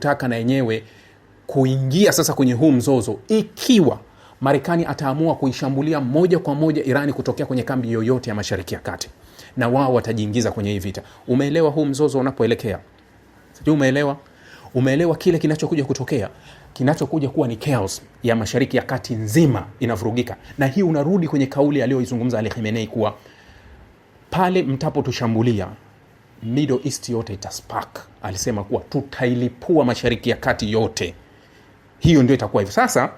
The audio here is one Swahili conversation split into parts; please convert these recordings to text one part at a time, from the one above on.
taka na yenyewe kuingia sasa kwenye huu mzozo ikiwa marekani ataamua kuishambulia moja kwa moja irani kutokea kwenye kambi yoyote ya mashariki ya kati na wao watajiingiza kwenye hii vita umeelewa huu mzozo unapoelekea sijui umeelewa umeelewa kile kinachokuja kutokea kinachokuja kuwa ni chaos ya mashariki ya kati nzima inavurugika na hii unarudi kwenye kauli aliyoizungumza ali kuwa pale mtapotushambulia Middle East yote itaspark. Alisema kuwa tutailipua Mashariki ya Kati yote, hiyo ndio itakuwa hivyo. Sasa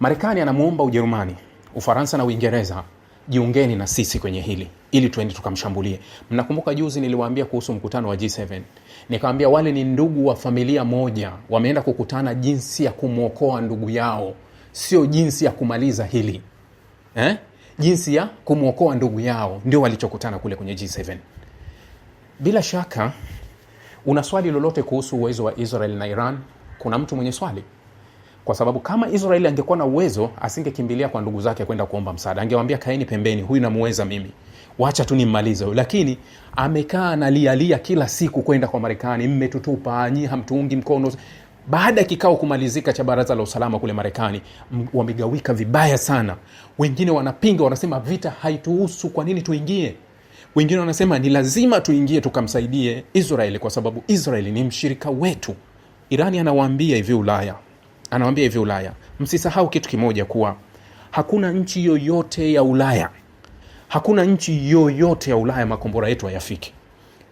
Marekani anamwomba Ujerumani, Ufaransa na Uingereza, jiungeni na sisi kwenye hili ili tuende tukamshambulie. Mnakumbuka juzi niliwaambia kuhusu mkutano wa G7, nikawambia wale ni ndugu wa familia moja, wameenda kukutana jinsi ya kumwokoa ndugu yao, sio jinsi ya kumaliza hili eh? jinsi ya kumwokoa ndugu yao ndio walichokutana kule kwenye G7. Bila shaka una swali lolote kuhusu uwezo wa Israel na Iran? Kuna mtu mwenye swali, kwa sababu kama Israel angekuwa na uwezo asingekimbilia kwa ndugu zake kwenda kuomba msaada, angewaambia kaeni pembeni, huyu namuweza mimi, wacha tu nimmalize huyu. Lakini amekaa analialia kila siku kwenda kwa Marekani, mmetutupa nyi, hamtuungi mkono. Baada ya kikao kumalizika cha baraza la usalama kule Marekani, wamegawika vibaya sana. Wengine wanapinga, wanasema vita haituhusu, kwa nini tuingie? Wengine wanasema ni lazima tuingie tukamsaidie Israeli kwa sababu Israeli ni mshirika wetu. Irani anawaambia hivi Ulaya, anawaambia hivi Ulaya, msisahau kitu kimoja kuwa hakuna nchi yoyote ya Ulaya, hakuna nchi yoyote ya Ulaya makombora yetu hayafiki.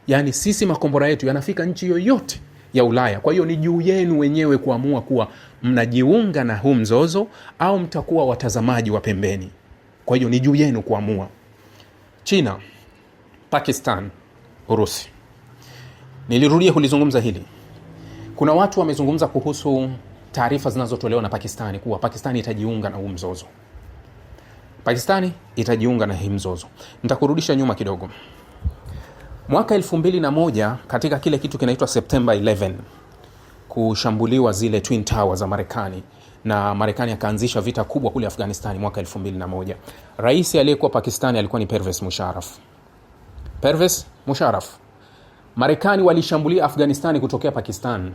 Yaani sisi makombora yetu yanafika nchi yoyote ya Ulaya. Kwa hiyo ni juu yenu wenyewe kuamua kuwa mnajiunga na huu mzozo au mtakuwa watazamaji wa pembeni. Kwa hiyo ni juu yenu kuamua. China Pakistan, Urusi. Nilirudia kulizungumza hili. Kuna watu wamezungumza kuhusu taarifa zinazotolewa na Pakistani kuwa Pakistani itajiunga na huu mzozo, Pakistani itajiunga na hii mzozo. Nitakurudisha nyuma kidogo, mwaka elfu mbili na moja katika kile kitu kinaitwa Septemba 11 kushambuliwa zile Twin Tower za Marekani na Marekani akaanzisha vita kubwa kule Afghanistani mwaka elfu mbili na moja. Rais aliyekuwa Pakistani alikuwa ni Pervez Musharraf. Pervez Musharraf. Marekani walishambulia Afghanistani kutokea Pakistan.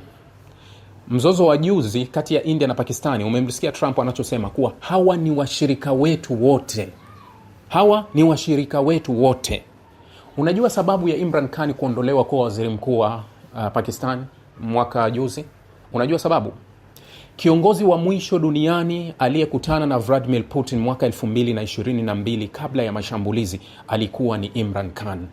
Mzozo wa juzi kati ya India na Pakistani umemsikia Trump anachosema kuwa hawa ni washirika wetu wote, hawa ni washirika wetu wote. Unajua sababu ya Imran Khan kuondolewa kwa waziri mkuu wa uh, Pakistan mwaka juzi? Unajua sababu? Kiongozi wa mwisho duniani aliyekutana na Vladimir Putin mwaka 2022 kabla ya mashambulizi alikuwa ni Imran Khan.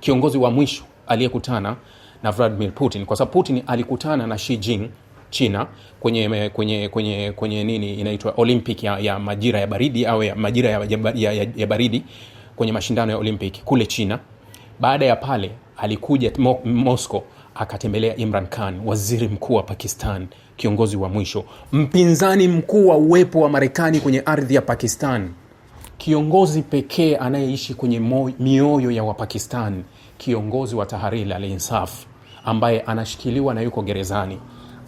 Kiongozi wa mwisho aliyekutana na Vladimir Putin kwa sababu Putin alikutana na Xi Jinping China kwenye kwenye kwenye kwenye nini inaitwa Olympic ya, ya majira ya baridi au ya majira ya, ya, ya, ya baridi kwenye mashindano ya Olympic kule China. Baada ya pale alikuja Moscow akatembelea Imran Khan, waziri mkuu wa Pakistan, kiongozi wa mwisho, mpinzani mkuu wa uwepo wa Marekani kwenye ardhi ya Pakistan, kiongozi pekee anayeishi kwenye mioyo ya Wapakistan, kiongozi wa Tahariri al-Insaf ambaye anashikiliwa na yuko gerezani.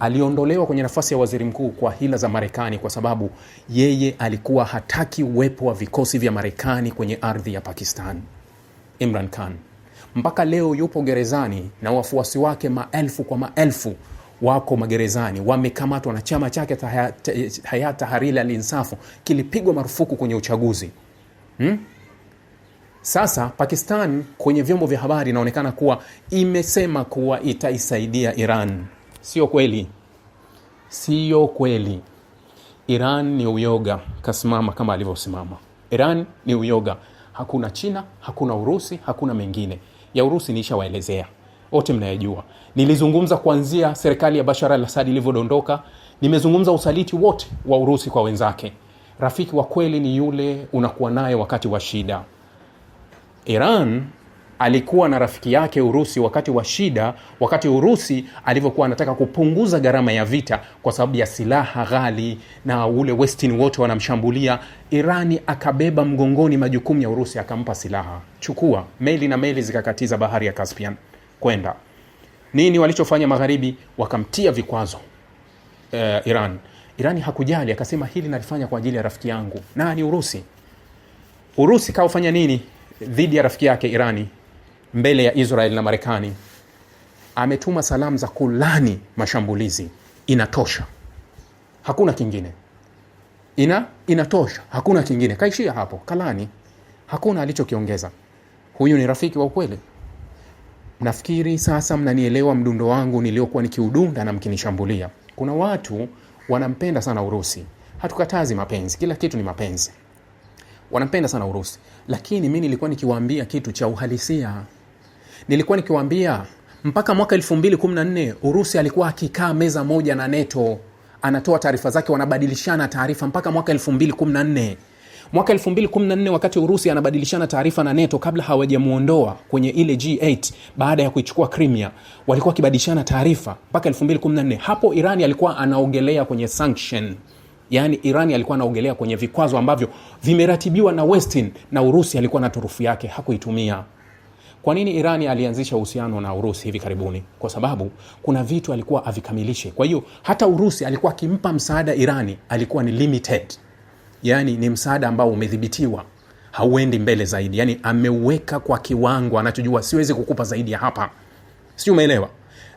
Aliondolewa kwenye nafasi ya waziri mkuu kwa hila za Marekani kwa sababu yeye alikuwa hataki uwepo wa vikosi vya Marekani kwenye ardhi ya Pakistan. Imran Khan mpaka leo yupo gerezani na wafuasi wake maelfu kwa maelfu wako magerezani, wamekamatwa na chama chake Hayat Tahrir alinsafu kilipigwa marufuku kwenye uchaguzi hmm? Sasa Pakistan kwenye vyombo vya habari inaonekana kuwa imesema kuwa itaisaidia Iran. Sio kweli, sio kweli. Iran ni uyoga, kasimama kama alivyosimama. Iran ni uyoga hakuna China, hakuna Urusi, hakuna mengine. Ya Urusi niishawaelezea wote mnayejua. Nilizungumza kuanzia serikali ya Bashar al Asad ilivyodondoka. Nimezungumza usaliti wote wa Urusi kwa wenzake. Rafiki wa kweli ni yule unakuwa naye wakati wa shida. Iran alikuwa na rafiki yake Urusi wakati wa shida, wakati Urusi alivyokuwa anataka kupunguza gharama ya vita kwa sababu ya silaha ghali na ule westin wote wanamshambulia. Irani akabeba mgongoni majukumu ya Urusi, akampa silaha, chukua. Meli na meli zikakatiza bahari ya Caspian kwenda nini. Walichofanya magharibi wakamtia vikwazo uh, Iran. Irani hakujali, akasema hili nalifanya kwa ajili ya rafiki yangu. Nani? Urusi. Urusi kaufanya nini dhidi ya rafiki yake Irani? mbele ya Israel na Marekani ametuma salamu za kulani mashambulizi. Inatosha, hakuna kingine. Ina inatosha, hakuna kingine. Kaishia hapo, kalani, hakuna alichokiongeza. Huyu ni rafiki wa ukweli. Nafikiri sasa mnanielewa mdundo wangu niliokuwa nikiudunda na mkinishambulia. Kuna watu wanampenda sana Urusi. Hatukatazi mapenzi, kila kitu ni mapenzi. Wanampenda sana Urusi, lakini mi nilikuwa nikiwaambia kitu cha uhalisia nilikuwa nikiwambia mpaka mwaka 2014 Urusi alikuwa akikaa meza moja na neto anatoa taarifa zake, wanabadilishana taarifa mpaka mwaka 2014. Mwaka 2014 wakati Urusi anabadilishana taarifa na neto kabla hawajamuondoa kwenye ile G8 baada ya kuichukua Crimea, walikuwa wakibadilishana taarifa mpaka 2014. Hapo Irani alikuwa anaogelea kwenye sanction, yaani Irani alikuwa anaogelea kwenye vikwazo ambavyo vimeratibiwa na Westin, na Urusi alikuwa na turufu yake hakuitumia. Kwa nini Irani alianzisha uhusiano na Urusi hivi karibuni? Kwa sababu kuna vitu alikuwa avikamilishe. Kwa hiyo hata Urusi alikuwa akimpa msaada Irani alikuwa ni limited, yani ni msaada ambao umedhibitiwa, hauendi mbele zaidi, yaani ameuweka kwa kiwango anachojua, siwezi kukupa zaidi ya hapa, si umeelewa?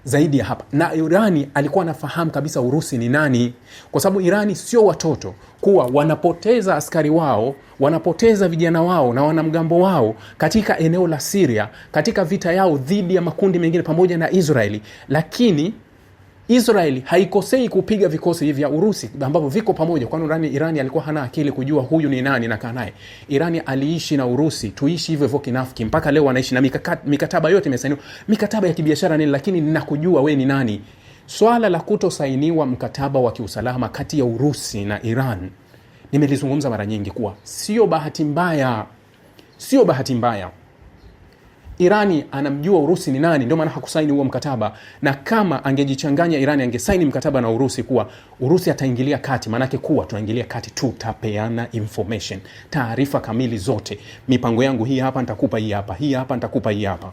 zaidi ya hapa, na Irani alikuwa anafahamu kabisa Urusi ni nani, kwa sababu Irani sio watoto kuwa wanapoteza askari wao, wanapoteza vijana wao na wanamgambo wao katika eneo la Siria, katika vita yao dhidi ya makundi mengine pamoja na Israeli, lakini Israeli haikosei kupiga vikosi vya Urusi ambavyo viko pamoja, kwani Irani, Irani alikuwa hana akili kujua huyu ni nani na kaa naye. Irani aliishi na Urusi, tuishi hivyo hivyo kinafiki mpaka leo, wanaishi na mikataba yote imesainiwa, mikataba ya kibiashara nini, lakini ninakujua we ni nani. Swala la kutosainiwa mkataba wa kiusalama kati ya Urusi na Iran nimelizungumza mara nyingi kuwa sio bahati mbaya, sio bahati mbaya Irani anamjua Urusi ni nani, ndio maana hakusaini huo mkataba. Na kama angejichanganya, Irani angesaini mkataba na Urusi kuwa Urusi ataingilia kati, maanake kuwa tunaingilia kati, tutapeana information, taarifa kamili zote, mipango yangu hii hapa, nitakupa hii hapa, hii hapa nitakupa hii hapa.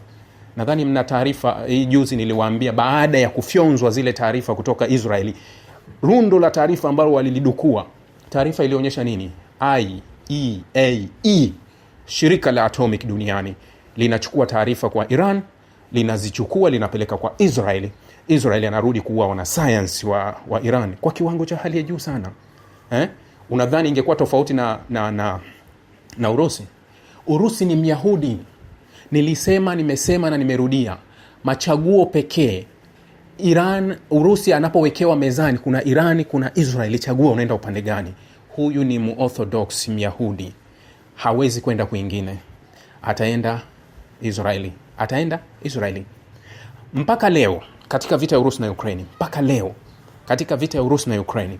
Nadhani mna taarifa hii, juzi niliwaambia, baada ya kufyonzwa zile taarifa kutoka Israeli, rundo la taarifa ambalo walilidukua, taarifa ilionyesha nini? IEAE, e, shirika la atomic duniani linachukua taarifa kwa Iran, linazichukua linapeleka kwa Israeli. Israeli anarudi kuua wanasayansi wa, wa Iran kwa kiwango cha hali ya juu sana eh? Unadhani ingekuwa tofauti na, na, na, na Urusi? Urusi ni Myahudi. Nilisema, nimesema na nimerudia, machaguo pekee Iran, Urusi anapowekewa mezani, kuna Irani, kuna Israeli, chagua unaenda upande gani? Huyu ni muorthodox Myahudi, hawezi kwenda kwingine, ataenda Israeli, ataenda Israeli. Mpaka leo katika vita ya Urusi na Ukraini, mpaka leo katika vita ya Urusi na Ukraini,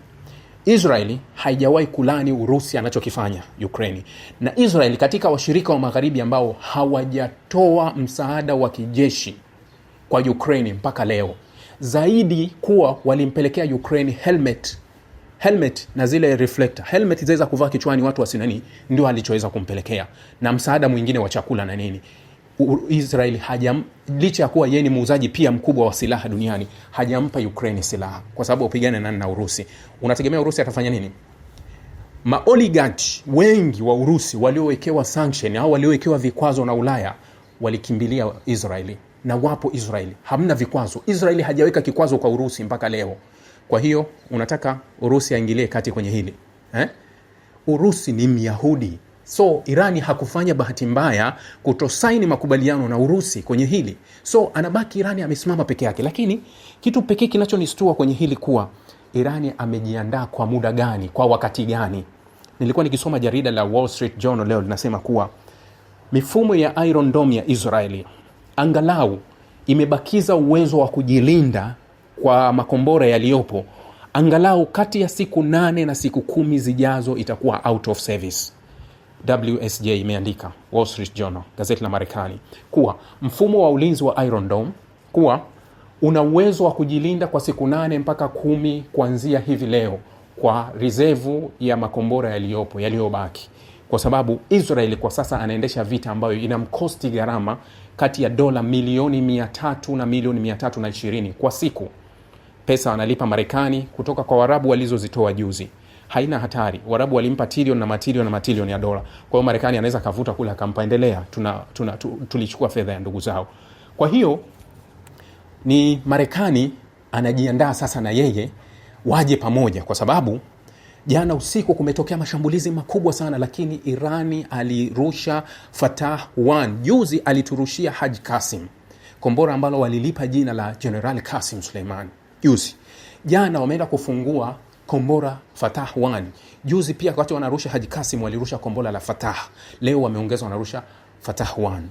Israeli haijawahi kulani Urusi anachokifanya Ukraini, na Israeli katika washirika wa magharibi ambao hawajatoa msaada wa kijeshi kwa Ukraini mpaka leo, zaidi kuwa walimpelekea Ukraini helmet helmet na zile reflector helmet zaweza kuvaa kichwani watu wasinani, ndio alichoweza kumpelekea na msaada mwingine wa chakula na nini. Israel hajam licha ya kuwa yeye ni muuzaji pia mkubwa wa silaha duniani hajampa Ukraine silaha kwa sababu apigane nani na Urusi. Unategemea Urusi atafanya nini? Maoligarchi wengi wa Urusi waliowekewa sanction au waliowekewa vikwazo na Ulaya walikimbilia Israeli na wapo Israeli, hamna vikwazo. Israeli hajaweka kikwazo kwa Urusi mpaka leo. Kwa hiyo unataka Urusi aingilie kati kwenye hili eh? Urusi ni Myahudi So Irani hakufanya bahati mbaya kutosaini makubaliano na Urusi kwenye hili. So anabaki Irani amesimama peke yake, lakini kitu pekee kinachonistua kwenye hili kuwa Irani amejiandaa kwa muda gani, kwa wakati gani? Nilikuwa nikisoma jarida la Wall Street Journal leo linasema kuwa mifumo ya Iron Dome ya Israeli angalau imebakiza uwezo wa kujilinda kwa makombora yaliyopo angalau kati ya siku nane na siku kumi zijazo itakuwa out of service. WSJ imeandika Wall Street Journal, gazeti la Marekani, kuwa mfumo wa ulinzi wa Iron Dome kuwa una uwezo wa kujilinda kwa siku nane mpaka kumi kuanzia hivi leo kwa rizevu ya makombora yaliyopo yaliyobaki, kwa sababu Israeli kwa sasa anaendesha vita ambayo inamkosti gharama kati ya dola milioni mia tatu na milioni mia tatu na ishirini kwa siku, pesa wanalipa Marekani kutoka kwa warabu walizozitoa juzi haina hatari. Warabu walimpa trilioni na matrilioni na matrilioni ya dola. Kwa hiyo Marekani anaweza kavuta kule akampa endelea, tuna, tuna, tu, tulichukua fedha ya ndugu zao. Kwa hiyo ni Marekani anajiandaa sasa na yeye waje pamoja, kwa sababu jana usiku kumetokea mashambulizi makubwa sana, lakini Irani alirusha Fatah 1 juzi, aliturushia Haj Kasim kombora ambalo walilipa jina la Jenerali Kasim Suleimani juzi. Jana wameenda kufungua kombora Fatah One. Juzi pia wakati wanarusha Haji Kasim walirusha kombora la Fatah, leo wameongeza wanarusha Fatah One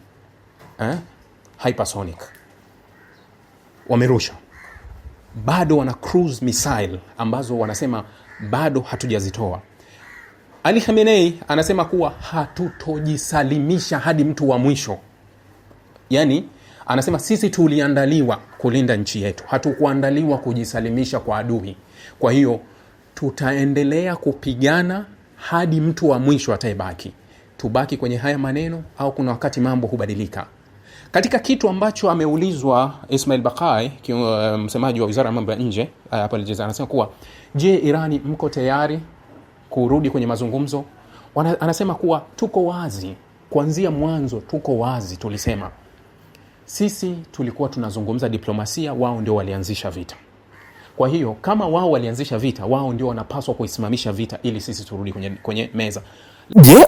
eh? hypersonic wamerusha, bado wana cruise missile ambazo wanasema bado hatujazitoa. Ali Khamenei anasema kuwa hatutojisalimisha hadi mtu wa mwisho, yaani anasema sisi tuliandaliwa kulinda nchi yetu, hatukuandaliwa kujisalimisha kwa adui. Kwa hiyo tutaendelea kupigana hadi mtu wa mwisho atayebaki tubaki kwenye haya maneno au kuna wakati mambo hubadilika katika kitu ambacho ameulizwa ismail bakai uh, msemaji wa wizara ya mambo ya nje uh, hapa uh, anasema kuwa je irani mko tayari kurudi kwenye mazungumzo Wana, anasema kuwa tuko wazi kuanzia mwanzo tuko wazi tulisema sisi tulikuwa tunazungumza diplomasia wao ndio walianzisha vita kwa hiyo kama wao walianzisha vita, wao ndio wanapaswa kuisimamisha vita ili sisi turudi kwenye, kwenye meza. Je,